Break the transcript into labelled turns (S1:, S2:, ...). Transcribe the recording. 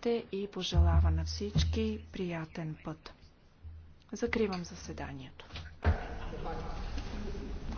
S1: сте и пожелава на всички приятен път. Закривам заседанието.